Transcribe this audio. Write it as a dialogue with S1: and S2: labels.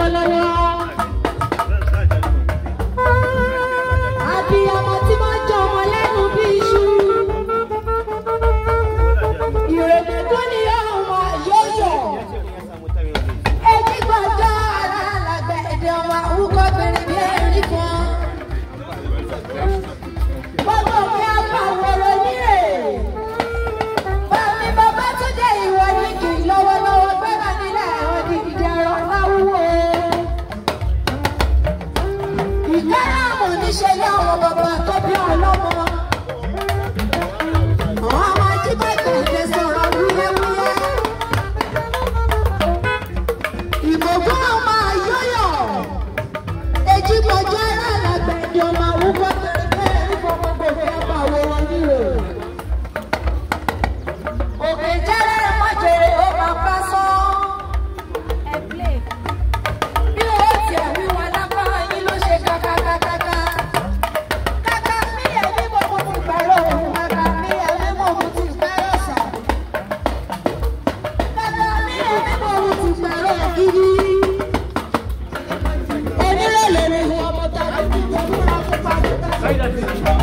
S1: বলয় ṣe lé àwọn bàbá tó bí ọlọ́mọ.
S2: Thank you.